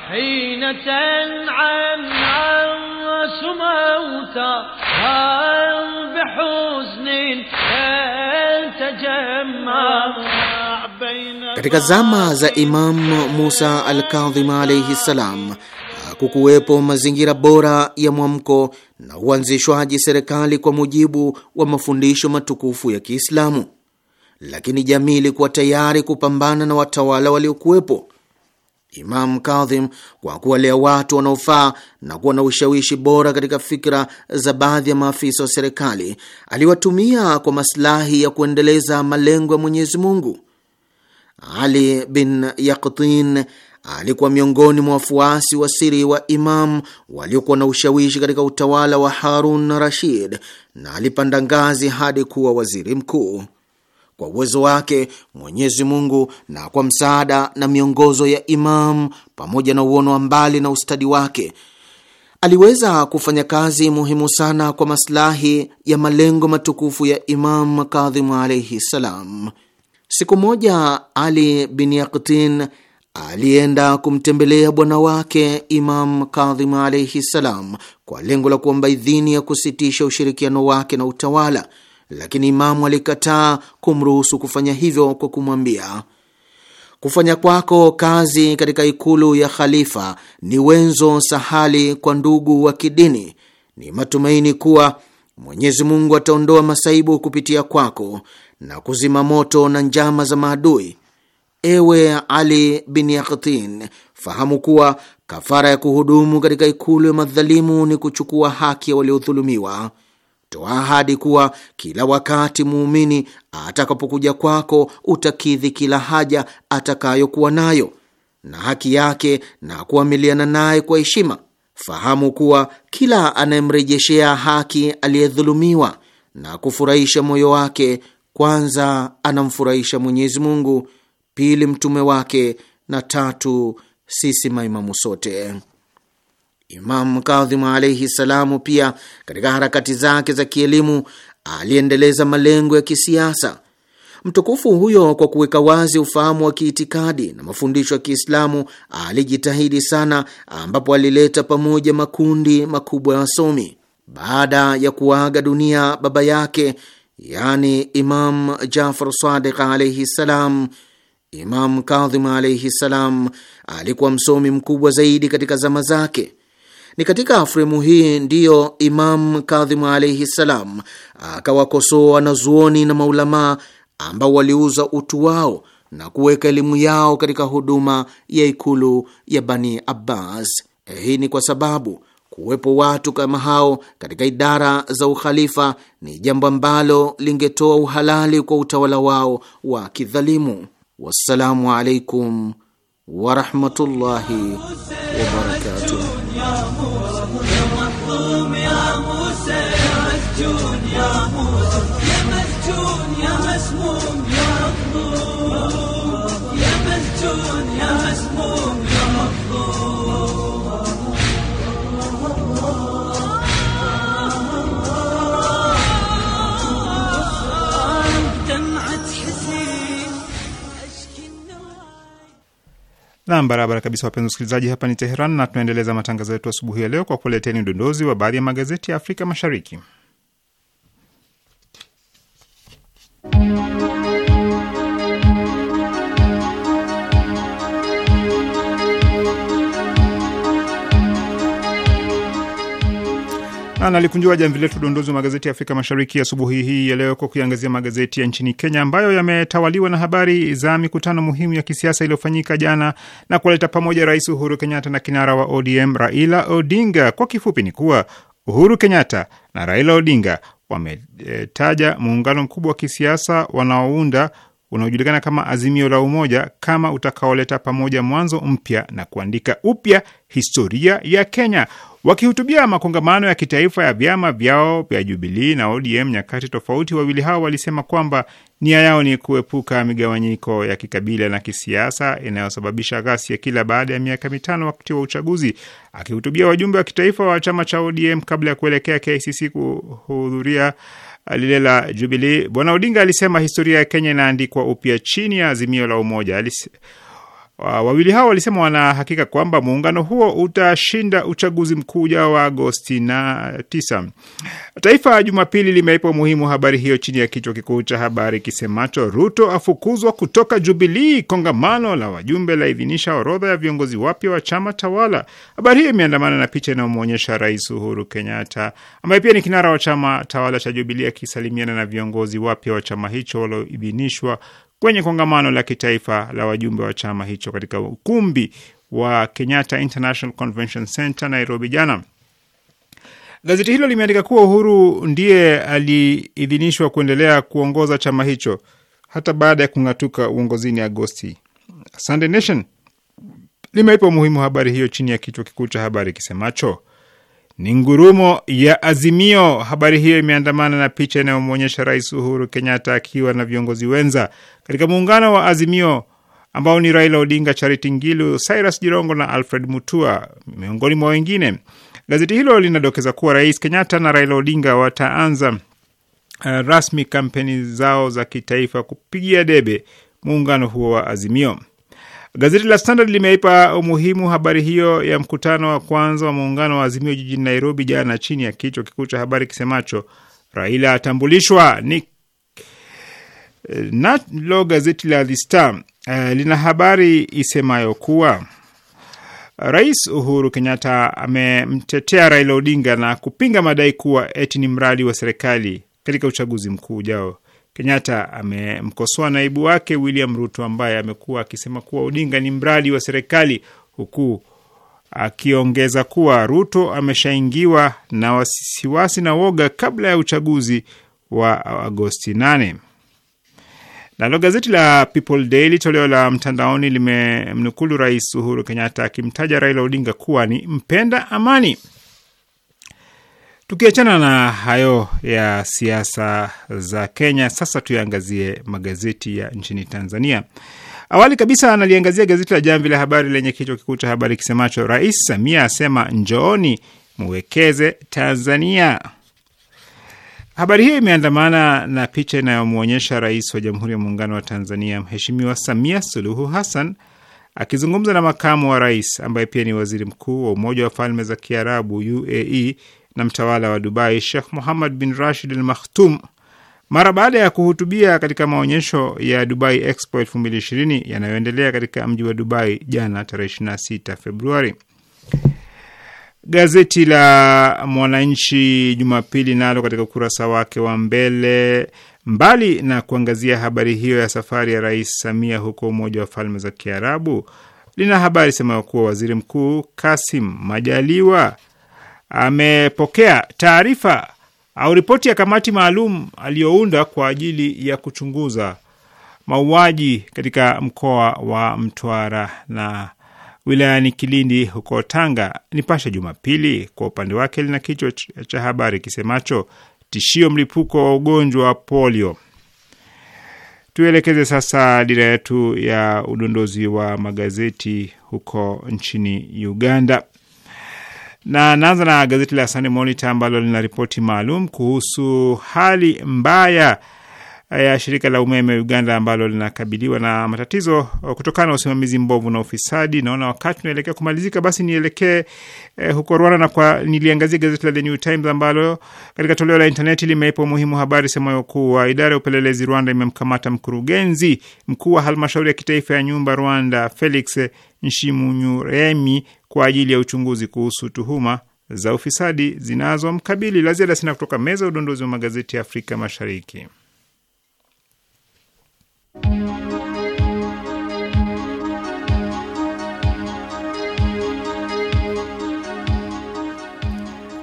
Speaker 2: Katika zama za imam Musa Alkadhima alaihi ssalam hakukuwepo mazingira bora ya mwamko na uanzishwaji serikali kwa mujibu wa mafundisho matukufu ya Kiislamu, lakini jamii ilikuwa tayari kupambana na watawala waliokuwepo Imam Kadhim kwa kuwalea watu wanaofaa na kuwa na ushawishi bora katika fikra za baadhi ya maafisa wa serikali, aliwatumia kwa masilahi ya kuendeleza malengo ya Mwenyezi Mungu. Ali bin Yaqtin alikuwa miongoni mwa wafuasi wa siri wa Imam waliokuwa na ushawishi katika utawala wa Harun Rashid na alipanda ngazi hadi kuwa waziri mkuu kwa uwezo wake Mwenyezi Mungu na kwa msaada na miongozo ya Imam pamoja na uono wa mbali na ustadi wake aliweza kufanya kazi muhimu sana kwa masilahi ya malengo matukufu ya Imam Kadhimu alaihi ssalam. Siku moja Ali bin Yaktin alienda kumtembelea bwana wake Imam Kadhimu alaihi ssalam kwa lengo la kuomba idhini ya kusitisha ushirikiano wake na utawala lakini Imamu alikataa kumruhusu kufanya hivyo kwa kumwambia, kufanya kwako kazi katika ikulu ya khalifa ni wenzo sahali kwa ndugu wa kidini. Ni matumaini kuwa Mwenyezi Mungu ataondoa masaibu kupitia kwako na kuzima moto na njama za maadui. Ewe Ali bin Yaktin, fahamu kuwa kafara ya kuhudumu katika ikulu ya madhalimu ni kuchukua haki ya waliodhulumiwa toa ahadi kuwa kila wakati muumini atakapokuja kwako utakidhi kila haja atakayokuwa nayo na haki yake na kuamiliana naye kwa heshima. Fahamu kuwa kila anayemrejeshea haki aliyedhulumiwa na kufurahisha moyo wake, kwanza anamfurahisha Mwenyezi Mungu, pili mtume wake, na tatu sisi maimamu sote. Imamu Kadhimu alaihi salamu pia katika harakati zake za kielimu aliendeleza malengo ya kisiasa. Mtukufu huyo kwa kuweka wazi ufahamu wa kiitikadi na mafundisho ya Kiislamu alijitahidi sana, ambapo alileta pamoja makundi makubwa ya wasomi. Baada ya kuaga dunia baba yake, yani Imam Jafar Sadiq alaihi salam, Imam Kadhim alaihi salam alikuwa msomi mkubwa zaidi katika zama zake. Ni katika fremu hii ndiyo Imam Kadhimu alaihi ssalam akawakosoa wanazuoni na maulamaa ambao waliuza utu wao na kuweka elimu yao katika huduma ya ikulu ya Bani Abbas. Hii ni kwa sababu kuwepo watu kama hao katika idara za ukhalifa ni jambo ambalo lingetoa uhalali kwa utawala wao wa kidhalimu. Wassalamu alaikum warahmatullahi wabarakatuh.
Speaker 1: Nam, barabara kabisa, wapenzi wasikilizaji, hapa ni Teheran na tunaendeleza matangazo yetu asubuhi ya leo kwa kuleteni udondozi wa baadhi ya magazeti ya Afrika Mashariki. Nalikunjua jamvi letu udondozi wa magazeti ya Afrika Mashariki asubuhi hii ya leo kwa kuiangazia magazeti ya nchini Kenya ambayo yametawaliwa na habari za mikutano muhimu ya kisiasa iliyofanyika jana na kuwaleta pamoja Rais Uhuru Kenyatta na kinara wa ODM Raila Odinga. Kwa kifupi ni kuwa Uhuru Kenyatta na Raila Odinga wametaja muungano mkubwa wa kisiasa wanaounda unaojulikana kama Azimio la Umoja kama utakaoleta pamoja mwanzo mpya na kuandika upya historia ya Kenya. Wakihutubia makongamano ya kitaifa ya vyama vyao vya Jubilii na ODM nyakati tofauti, wawili hao walisema kwamba nia yao ni kuepuka migawanyiko ya kikabila na kisiasa inayosababisha ghasia kila baada ya miaka mitano wakati wa uchaguzi. Akihutubia wajumbe wa kitaifa wa chama cha ODM kabla ya kuelekea kcc kuhudhuria lile la Jubilii, Bwana Odinga alisema historia ya Kenya inaandikwa upya chini ya azimio la umoja Alis Ah, wawili hao walisema wana hakika kwamba muungano huo utashinda uchaguzi mkuu ujao wa Agosti na tisa. Taifa Jumapili limeipa umuhimu habari hiyo chini ya kichwa kikuu cha habari kisemacho Ruto afukuzwa kutoka Jubilii, kongamano la wajumbe la idhinisha orodha ya viongozi wapya wa chama tawala. Habari hiyo imeandamana na picha inayomwonyesha Rais Uhuru Kenyatta ambaye pia ni kinara wa chama tawala cha Jubilii akisalimiana na viongozi wapya wa chama hicho walioidhinishwa kwenye kongamano la kitaifa la wajumbe wa chama hicho katika ukumbi wa Kenyatta International Convention Center Nairobi jana. Gazeti hilo limeandika kuwa Uhuru ndiye aliidhinishwa kuendelea kuongoza chama hicho hata baada ya kung'atuka uongozini Agosti. Sunday Nation limeipa umuhimu habari hiyo chini ya kichwa kikuu cha habari kisemacho ni ngurumo ya Azimio. Habari hiyo imeandamana na picha inayomwonyesha Rais Uhuru Kenyatta akiwa na viongozi wenza katika muungano wa Azimio ambao ni Raila Odinga, Charity Ngilu, Cyrus Jirongo na Alfred Mutua miongoni mwa wengine. Gazeti hilo linadokeza kuwa Rais Kenyatta na Raila Odinga wataanza uh, rasmi kampeni zao za kitaifa kupigia debe muungano huo wa Azimio. Gazeti la Standard limeipa umuhimu habari hiyo ya mkutano wa kwanza wa muungano wa Azimio jijini Nairobi jana, chini ya kichwa kikuu cha habari kisemacho Raila atambulishwa ni nalo. Gazeti la The Star uh, lina habari isemayo kuwa Rais Uhuru Kenyatta amemtetea Raila Odinga na kupinga madai kuwa eti ni mradi wa serikali katika uchaguzi mkuu ujao. Kenyatta amemkosoa naibu wake William Ruto ambaye amekuwa akisema kuwa Odinga ni mradi wa serikali, huku akiongeza kuwa Ruto ameshaingiwa na wasiwasi na woga kabla ya uchaguzi wa Agosti 8. Nalo gazeti la People Daily toleo la mtandaoni limemnukulu Rais Uhuru Kenyatta akimtaja Raila Odinga kuwa ni mpenda amani. Tukiachana na hayo ya siasa za Kenya, sasa tuyaangazie magazeti ya nchini Tanzania. Awali kabisa analiangazia gazeti la Jamvi la Habari lenye kichwa kikuu cha habari kisemacho Rais Samia asema njooni mwekeze Tanzania. Habari hiyo imeandamana na picha inayomwonyesha rais wa Jamhuri ya Muungano wa Tanzania Mheshimiwa Samia Suluhu Hassan akizungumza na makamu wa rais ambaye pia ni waziri mkuu wa Umoja wa Falme za Kiarabu, UAE, na mtawala wa Dubai Sheikh Muhammad bin Rashid Al Maktoum mara baada ya kuhutubia katika maonyesho ya Dubai Expo 2020 yanayoendelea katika mji wa Dubai jana tarehe 26 Februari. Gazeti la Mwananchi Jumapili nalo katika ukurasa wake wa mbele, mbali na kuangazia habari hiyo ya safari ya Rais Samia huko Umoja wa Falme za Kiarabu, lina habari sema kuwa waziri mkuu Kasim Majaliwa amepokea taarifa au ripoti ya kamati maalum aliyounda kwa ajili ya kuchunguza mauaji katika mkoa wa Mtwara na wilayani Kilindi huko Tanga. Nipashe Jumapili kwa upande wake lina kichwa cha habari kisemacho tishio mlipuko wa ugonjwa wa polio. Tuelekeze sasa dira yetu ya udondozi wa magazeti huko nchini Uganda na naanza na gazeti la Sunday Monitor ambalo lina ripoti maalum kuhusu hali mbaya eh, ya shirika la umeme Uganda ambalo linakabiliwa na matatizo eh, kutokana na usimamizi mbovu na ufisadi. Naona wakati unaelekea kumalizika, basi nielekee eh, huko Rwanda na kwa niliangazia gazeti la The New Times ambalo katika toleo la intaneti limeipa umuhimu habari semayo kuwa idara ya upelelezi Rwanda imemkamata mkurugenzi mkuu wa halmashauri ya kitaifa ya nyumba Rwanda Felix eh, Nshimunyuremi kwa ajili ya uchunguzi kuhusu tuhuma za ufisadi zinazomkabili. La ziada sina kutoka meza ya udondozi wa magazeti ya Afrika Mashariki.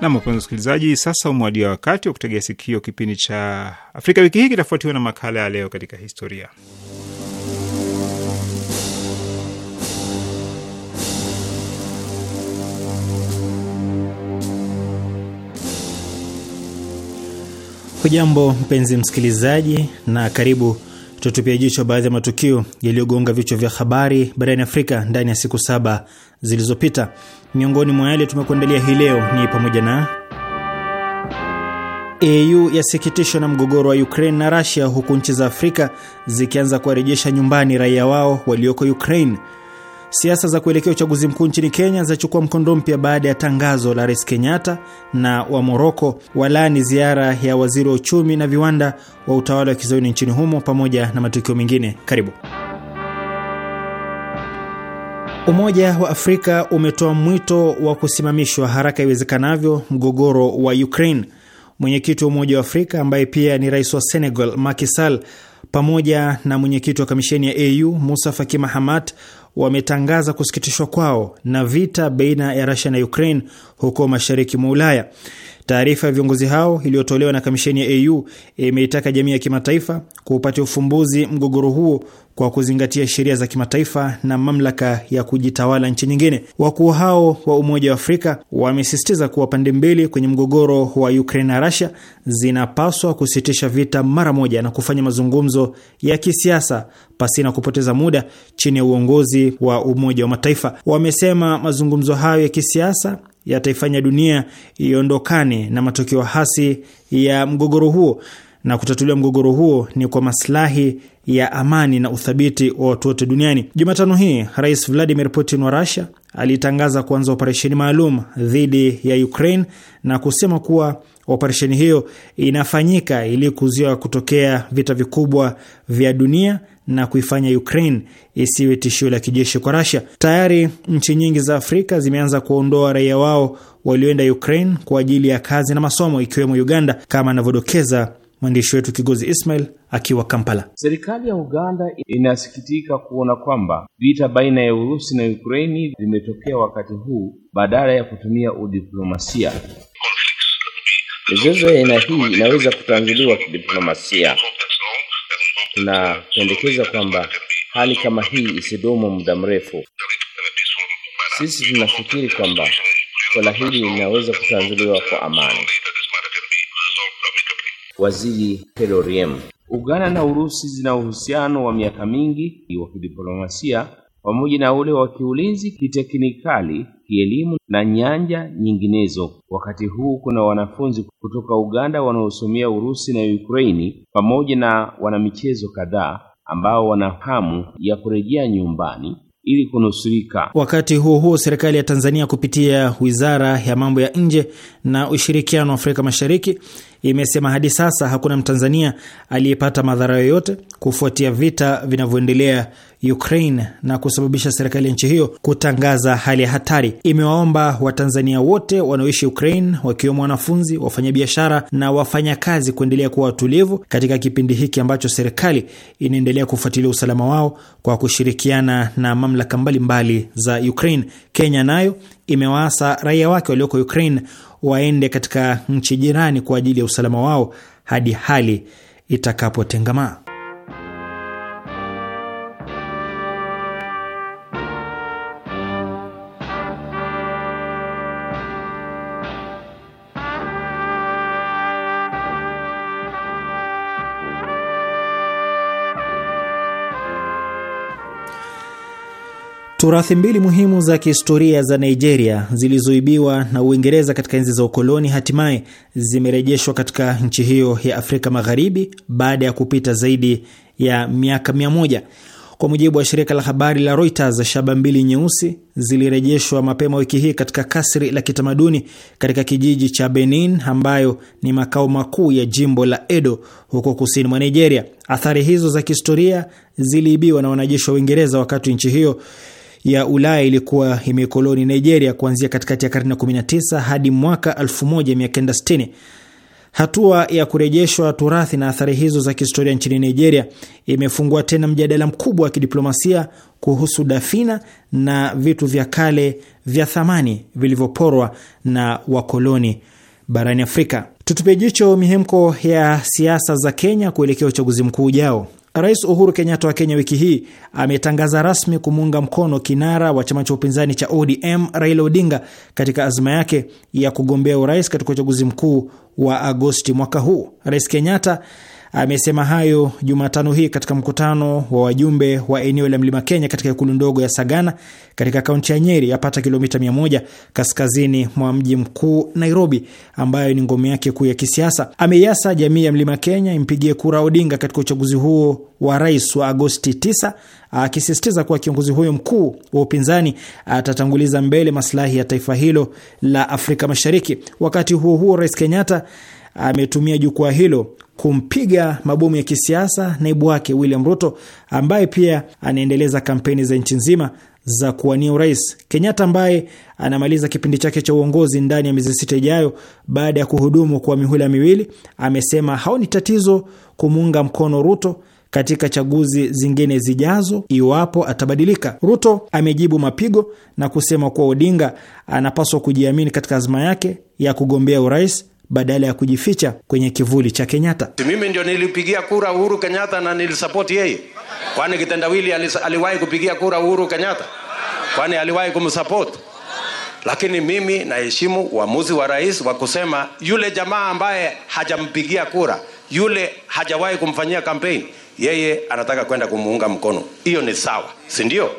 Speaker 1: Nam, wapenzi wasikilizaji, sasa umewadia wakati wa kutegea sikio. Kipindi cha Afrika wiki hii kitafuatiwa na makala ya leo katika historia.
Speaker 3: Hujambo mpenzi msikilizaji, na karibu tutupia jicho baadhi ya matukio yaliyogonga vichwa vya habari barani Afrika ndani ya siku saba zilizopita. Miongoni mwa yale tumekuandalia hii leo ni pamoja na AU yasikitishwa na mgogoro wa Ukraine na Russia, huku nchi za Afrika zikianza kuwarejesha nyumbani raia wao walioko Ukraine. Siasa za kuelekea uchaguzi mkuu nchini Kenya zachukua mkondo mpya baada ya tangazo la Rais Kenyatta na wa Moroko walaani ziara ya waziri wa uchumi na viwanda wa utawala wa kizayuni nchini humo pamoja na matukio mengine. Karibu. Umoja wa Afrika umetoa mwito wa kusimamishwa haraka iwezekanavyo mgogoro wa Ukraine. Mwenyekiti wa Umoja wa Afrika ambaye pia ni rais wa Senegal Macky Sall pamoja na mwenyekiti wa kamisheni ya AU Musa Faki Mahamat wametangaza kusikitishwa kwao na vita baina ya rasia na Ukraine huko mashariki mwa Ulaya. Taarifa ya viongozi hao iliyotolewa na kamisheni ya AU imeitaka jamii ya kimataifa kuupatia ufumbuzi mgogoro huo kwa kuzingatia sheria za kimataifa na mamlaka ya kujitawala nchi nyingine. Wakuu hao wa Umoja wa Afrika wamesisitiza kuwa pande mbili kwenye mgogoro wa Ukraine na Russia zinapaswa kusitisha vita mara moja na kufanya mazungumzo ya kisiasa pasina kupoteza muda chini ya uongozi wa Umoja wa Mataifa. Wamesema mazungumzo hayo ya kisiasa yataifanya dunia iondokane na matokeo hasi ya mgogoro huo, na kutatuliwa mgogoro huo ni kwa maslahi ya amani na uthabiti wa watu wote duniani. Jumatano hii Rais Vladimir Putin wa Russia alitangaza kuanza operesheni maalum dhidi ya Ukraine na kusema kuwa operesheni hiyo inafanyika ili kuzuia kutokea vita vikubwa vya dunia na kuifanya Ukraine isiwe tishio la kijeshi kwa Russia. Tayari nchi nyingi za Afrika zimeanza kuondoa raia wao walioenda Ukraine kwa ajili ya kazi na masomo ikiwemo Uganda, kama anavyodokeza mwandishi wetu Kigozi Ismail akiwa Kampala.
Speaker 4: Serikali ya Uganda inasikitika kuona kwamba vita baina ya Urusi na Ukraini vimetokea wakati huu badala
Speaker 1: ya kutumia udiplomasia. Mizozo ya aina hii inaweza
Speaker 3: kutanzuliwa kidiplomasia tunapendekeza kwamba hali
Speaker 1: kama hii isidumu muda mrefu. Sisi tunafikiri kwamba swala hili linaweza kutanzuliwa kwa amani.
Speaker 5: Waziri Peloriem.
Speaker 4: Uganda na Urusi zina uhusiano wa miaka mingi wa kidiplomasia pamoja na ule wa kiulinzi, kiteknikali, kielimu na nyanja nyinginezo. Wakati huu kuna wanafunzi kutoka Uganda wanaosomea Urusi
Speaker 1: na Ukraini pamoja na wanamichezo kadhaa ambao wana hamu ya
Speaker 4: kurejea nyumbani ili kunusurika.
Speaker 3: Wakati huo huo, serikali ya Tanzania kupitia Wizara ya Mambo ya Nje na Ushirikiano wa Afrika Mashariki imesema hadi sasa hakuna Mtanzania aliyepata madhara yoyote kufuatia vita vinavyoendelea Ukraine na kusababisha serikali ya nchi hiyo kutangaza hali ya hatari. Imewaomba Watanzania wote wanaoishi Ukraine, wakiwemo wanafunzi, wafanyabiashara na wafanyakazi, kuendelea kuwa watulivu katika kipindi hiki ambacho serikali inaendelea kufuatilia usalama wao kwa kushirikiana na mamlaka mbalimbali mbali za Ukraine. Kenya nayo imewaasa raia wake walioko Ukraine waende katika nchi jirani kwa ajili ya usalama wao hadi hali itakapotengamaa. Turathi mbili muhimu za kihistoria za Nigeria zilizoibiwa na Uingereza katika enzi za ukoloni hatimaye zimerejeshwa katika nchi hiyo ya Afrika Magharibi baada ya kupita zaidi ya miaka mia moja. Kwa mujibu wa shirika la habari la Reuters, shaba mbili nyeusi zilirejeshwa mapema wiki hii katika kasri la kitamaduni katika kijiji cha Benin ambayo ni makao makuu ya jimbo la Edo huko kusini mwa Nigeria. Athari hizo za kihistoria ziliibiwa na wanajeshi wa Uingereza wakati nchi hiyo ya Ulaya ilikuwa imekoloni Nigeria kuanzia katikati ya karne 19 hadi mwaka 1960. Hatua ya kurejeshwa turathi na athari hizo za kihistoria nchini Nigeria imefungua tena mjadala mkubwa wa kidiplomasia kuhusu dafina na vitu vya kale vya thamani vilivyoporwa na wakoloni barani Afrika. Tutupie jicho mihemko ya siasa za Kenya kuelekea uchaguzi mkuu ujao. Rais Uhuru Kenyatta wa Kenya wiki hii ametangaza rasmi kumuunga mkono kinara wa chama cha upinzani cha ODM Raila Odinga katika azma yake ya kugombea urais katika uchaguzi mkuu wa Agosti mwaka huu. Rais Kenyatta Amesema hayo Jumatano hii katika mkutano wa wajumbe wa eneo la mlima Kenya katika ikulu ndogo ya Sagana katika kaunti ya Nyeri, yapata kilomita 1 kaskazini mwa mji mkuu Nairobi, ambayo ni ngome yake kuu ya kisiasa. Ameiasa jamii ya mlima Kenya impigie kura Odinga katika uchaguzi huo wa rais wa Agosti 9, akisisitiza kuwa kiongozi huyo mkuu wa upinzani atatanguliza mbele masilahi ya taifa hilo la Afrika Mashariki. Wakati huo huo, Rais Kenyatta ametumia jukwaa hilo kumpiga mabomu ya kisiasa naibu wake William Ruto ambaye pia anaendeleza kampeni za nchi nzima za kuwania urais. Kenyatta ambaye anamaliza kipindi chake cha uongozi ndani ya miezi sita ijayo baada ya kuhudumu kwa mihula miwili, amesema haoni tatizo kumuunga mkono Ruto katika chaguzi zingine zijazo iwapo atabadilika. Ruto amejibu mapigo na kusema kuwa Odinga anapaswa kujiamini katika azma yake ya kugombea urais badala ya kujificha kwenye kivuli cha Kenyatta. Mimi ndio nilipigia kura Uhuru Kenyatta na nilisapoti yeye. Kwani kitendawili aliwahi kupigia kura Uhuru Kenyatta? Kwani aliwahi kumsapoti? Lakini mimi naheshimu uamuzi wa rais wa kusema yule jamaa ambaye hajampigia kura, yule hajawahi kumfanyia kampeni, yeye anataka kwenda kumuunga mkono. Hiyo ni sawa, si ndio?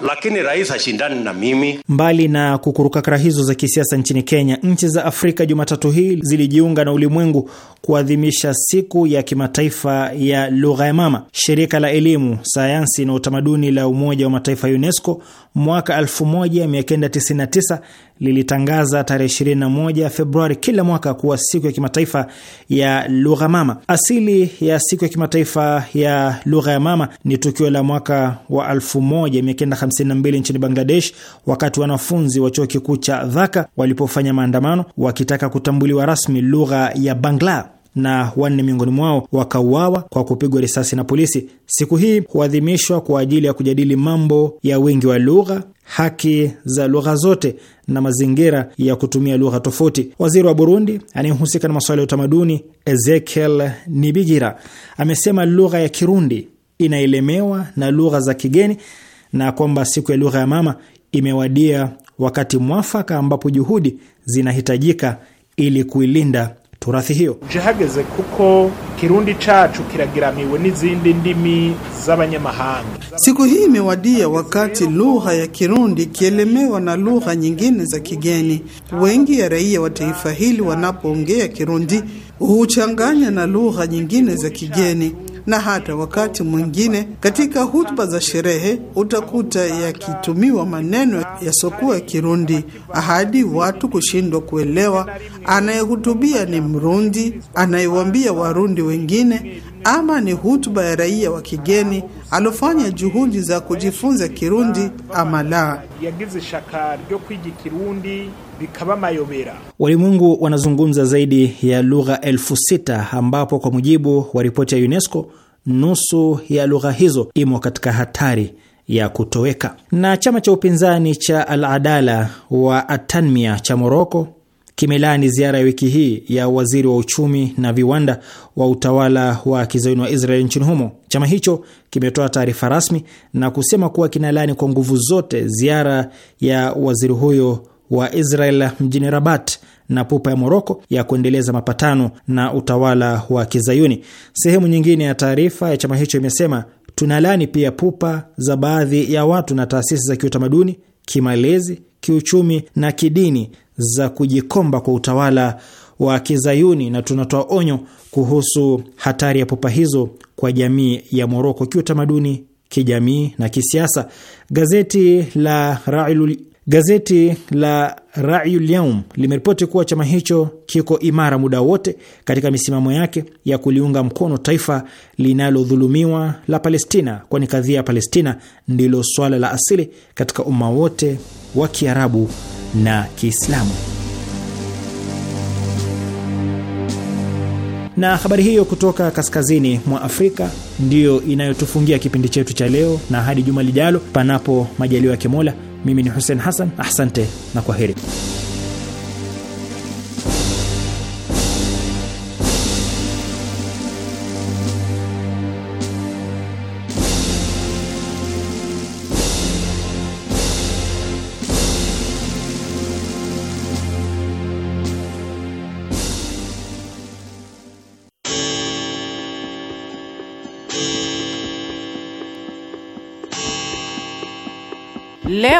Speaker 3: lakini rais hashindani na mimi. Mbali na kukurukakara hizo za kisiasa nchini Kenya, nchi za Afrika Jumatatu hii zilijiunga na ulimwengu kuadhimisha siku ya kimataifa ya lugha ya mama. Shirika la elimu, sayansi na utamaduni la Umoja wa Mataifa UNESCO mwaka 1999 lilitangaza tarehe 21 Februari kila mwaka kuwa siku ya kimataifa ya lugha mama. Asili ya siku ya kimataifa ya lugha ya mama ni tukio la mwaka wa 1 1952 nchini Bangladesh wakati wanafunzi wa chuo kikuu cha Dhaka walipofanya maandamano wakitaka kutambuliwa rasmi lugha ya Bangla na wanne miongoni mwao wakauawa kwa kupigwa risasi na polisi. Siku hii huadhimishwa kwa ajili ya kujadili mambo ya wingi wa lugha, haki za lugha zote na mazingira ya kutumia lugha tofauti. Waziri wa Burundi anayehusika na masuala ya utamaduni Ezekiel Nibigira amesema lugha ya Kirundi inaelemewa na lugha za kigeni na kwamba siku ya lugha ya mama imewadia wakati mwafaka ambapo juhudi zinahitajika ili kuilinda turathi hiyo. hageze kuko
Speaker 1: kirundi chacu kiragiramiwe n'izindi ndimi z'abanyamahanga.
Speaker 6: Siku hii imewadia wakati lugha ya Kirundi ikielemewa na lugha nyingine za kigeni. Wengi ya raia wa taifa hili wanapoongea Kirundi huchanganya na lugha nyingine za kigeni na hata wakati mwingine katika hutuba za sherehe utakuta yakitumiwa maneno yasiokuwa ya Kirundi ahadi watu kushindwa kuelewa anayehutubia ni Mrundi anayewambia Warundi wengine ama ni hutuba ya raia wa kigeni alofanya juhudi za kujifunza Kirundi ama la
Speaker 1: bikaba mayobera.
Speaker 3: Walimwengu wanazungumza zaidi ya lugha elfu sita ambapo kwa mujibu wa ripoti ya UNESCO nusu ya lugha hizo imo katika hatari ya kutoweka. Na chama cha upinzani cha Al Adala wa Atanmia cha Moroko kimelaani ziara ya wiki hii ya waziri wa uchumi na viwanda wa utawala wa kizayuni wa Israel nchini humo. Chama hicho kimetoa taarifa rasmi na kusema kuwa kinalaani kwa nguvu zote ziara ya waziri huyo wa Israel mjini Rabat na pupa ya Moroko ya kuendeleza mapatano na utawala wa Kizayuni. Sehemu nyingine ya taarifa ya chama hicho imesema, tunalani pia pupa za baadhi ya watu na taasisi za kiutamaduni, kimalezi, kiuchumi na kidini za kujikomba kwa utawala wa Kizayuni na tunatoa onyo kuhusu hatari ya pupa hizo kwa jamii ya Moroko kiutamaduni, kijamii na kisiasa. Gazeti la Railul Gazeti la Rayul Yaum limeripoti kuwa chama hicho kiko imara muda wote katika misimamo yake ya kuliunga mkono taifa linalodhulumiwa la Palestina, kwani kadhia ya Palestina ndilo swala la asili katika umma wote wa Kiarabu na Kiislamu. Na habari hiyo kutoka kaskazini mwa Afrika ndiyo inayotufungia kipindi chetu cha leo, na hadi juma lijalo, panapo majaliwa ya Kimola. Mimi ni Hussein Hassan, asante na kwa heri.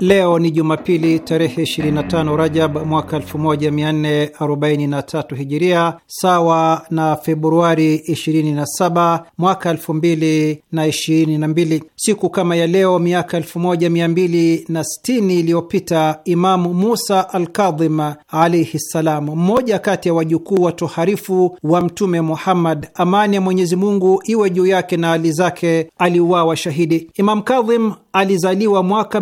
Speaker 5: Leo ni Jumapili tarehe 25 Rajab mwaka 1443 Hijiria, sawa na Februari 27 mwaka 2022. Siku kama ya leo miaka 1260 iliyopita, Imamu Musa Alkadhim alaihi ssalam, mmoja kati ya wajukuu watoharifu wa Mtume Muhammad, amani ya Mwenyezi Mungu iwe juu yake na ali zake, aliuawa shahidi. Imam Kadhim alizaliwa mwaka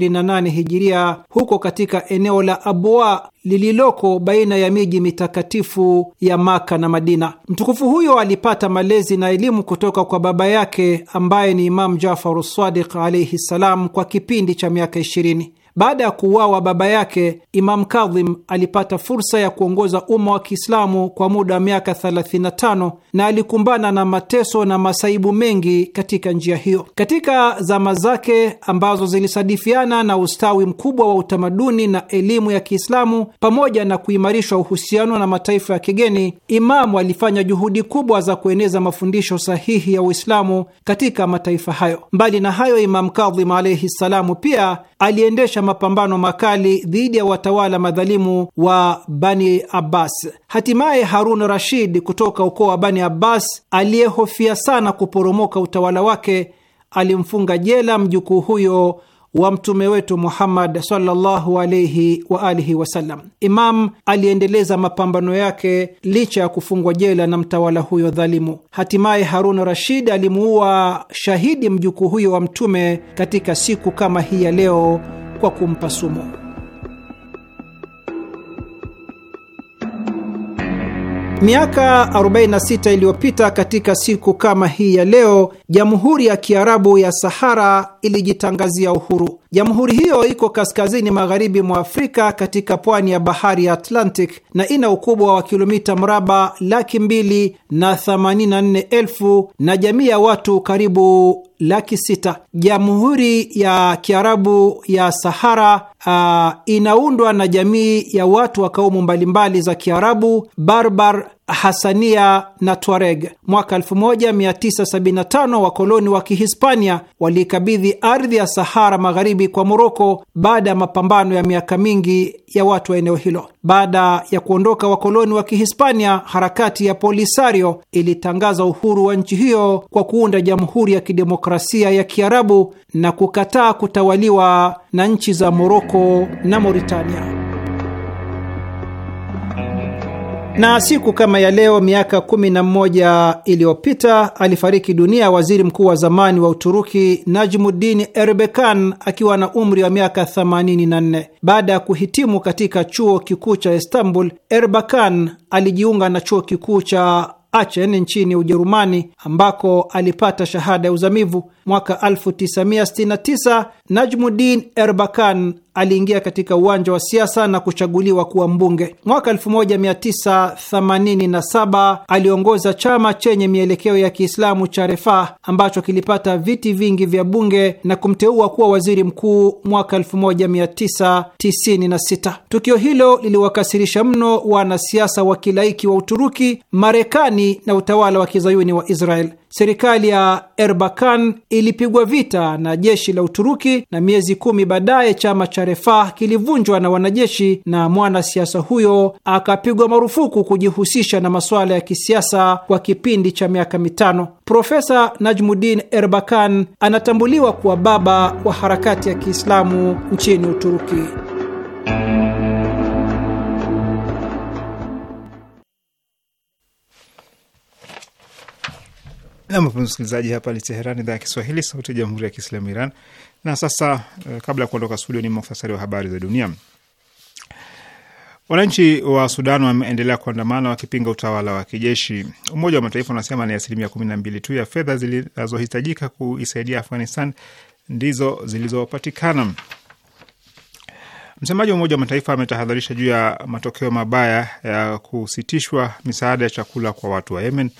Speaker 5: 28 hijiria huko katika eneo la aboa lililoko baina ya miji mitakatifu ya Maka na Madina. Mtukufu huyo alipata malezi na elimu kutoka kwa baba yake ambaye ni Imamu Jafaru Sadiq alaihi ssalam kwa kipindi cha miaka 20. Baada ya kuuawa baba yake, Imam Kadhim alipata fursa ya kuongoza umma wa Kiislamu kwa muda wa miaka 35 na alikumbana na mateso na masaibu mengi katika njia hiyo. Katika zama zake ambazo zilisadifiana na ustawi mkubwa wa utamaduni na elimu ya Kiislamu pamoja na kuimarishwa uhusiano na mataifa ya kigeni, Imamu alifanya juhudi kubwa za kueneza mafundisho sahihi ya Uislamu katika mataifa hayo. Mbali na hayo, Imam Kadhim alaihi ssalamu pia aliendesha mapambano makali dhidi ya watawala madhalimu wa Bani Abbas. Hatimaye Harun Rashid kutoka ukoo wa Bani Abbas, aliyehofia sana kuporomoka utawala wake, alimfunga jela mjukuu huyo wa mtume wetu Muhammad sallallahu alayhi wa alihi wasallam. Imam aliendeleza mapambano yake licha ya kufungwa jela na mtawala huyo dhalimu. Hatimaye Harun Rashid alimuua shahidi mjukuu huyo wa mtume katika siku kama hii ya leo kwa kumpa sumu. Miaka 46 iliyopita katika siku kama hii ya leo, Jamhuri ya Kiarabu ya Sahara ilijitangazia uhuru. Jamhuri hiyo iko kaskazini magharibi mwa Afrika katika pwani ya bahari ya Atlantic na ina ukubwa wa kilomita mraba laki mbili na themanini na nne elfu na jamii ya watu karibu laki sita. Jamhuri ya Kiarabu ya Sahara uh, inaundwa na jamii ya watu wa kaumu mbalimbali za Kiarabu, Barbar Hasania na Tuareg. Mwaka 1975 wakoloni wa Kihispania waliikabidhi ardhi ya Sahara Magharibi kwa Moroko baada ya mapambano ya miaka mingi ya watu wa eneo hilo. Baada ya kuondoka wakoloni wa Kihispania, harakati ya Polisario ilitangaza uhuru wa nchi hiyo kwa kuunda Jamhuri ya Kidemokrasia ya Kiarabu na kukataa kutawaliwa na nchi za Moroko na Mauritania. Na siku kama ya leo miaka kumi na mmoja iliyopita alifariki dunia waziri mkuu wa zamani wa Uturuki Najmuddin Erbekan akiwa na umri wa miaka 84. Baada ya kuhitimu katika chuo kikuu cha Istanbul, Erbakan alijiunga na chuo kikuu cha Aachen nchini Ujerumani ambako alipata shahada ya uzamivu. Mwaka 1969 najmudin Erbakan aliingia katika uwanja wa siasa na kuchaguliwa kuwa mbunge. Mwaka 1987 aliongoza chama chenye mielekeo ya Kiislamu cha Refah ambacho kilipata viti vingi vya bunge na kumteua kuwa waziri mkuu mwaka 1996. Tukio hilo liliwakasirisha mno wanasiasa wa kilaiki wa Uturuki, Marekani na utawala wa kizayuni wa Israel serikali ya Erbakan ilipigwa vita na jeshi la Uturuki, na miezi kumi baadaye chama cha Refah kilivunjwa na wanajeshi na mwanasiasa huyo akapigwa marufuku kujihusisha na masuala ya kisiasa kwa kipindi cha miaka mitano. Profesa Najmudin Erbakan anatambuliwa kuwa baba wa harakati ya Kiislamu nchini Uturuki.
Speaker 1: mpenzi msikilizaji, hapa ni Teherani, idhaa ya Kiswahili, sauti ya jamhuri ya kiislamu Iran. Na sasa eh, kabla ya kuondoka studio, ni muhtasari wa habari za dunia. Wananchi wa Sudan wameendelea kuandamana wakipinga utawala wa kijeshi. Umoja wa Mataifa unasema ni asilimia kumi na mbili tu ya fedha zinazohitajika kuisaidia Afghanistan ndizo zilizopatikana. Msemaji wa Umoja wa Mataifa ametahadharisha juu ya matokeo mabaya ya kusitishwa misaada ya chakula kwa watu wa Yemen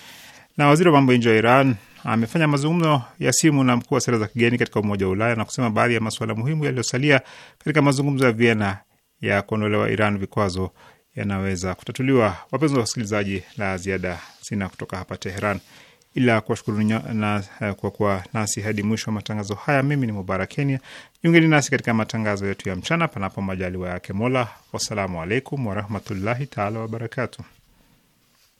Speaker 1: na waziri wa mambo ya nje wa Iran amefanya mazungumzo ya simu na mkuu wa sera za kigeni katika Umoja wa Ulaya na kusema baadhi ya masuala muhimu yaliyosalia katika mazungumzo ya Vienna ya kuondolewa Iran vikwazo yanaweza kutatuliwa. Wapenzi wa wasikilizaji, la ziada sina kutoka hapa Teheran ila kuwashukuru na, eh, kwa kuwa nasi hadi mwisho wa matangazo haya. Mimi ni Mubarak Kenya. Jiungeni nasi katika matangazo yetu ya mchana, panapo majaliwa yake Mola. Wassalamu alaikum warahmatullahi taala wabarakatuh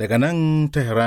Speaker 7: Daga nan Tehran.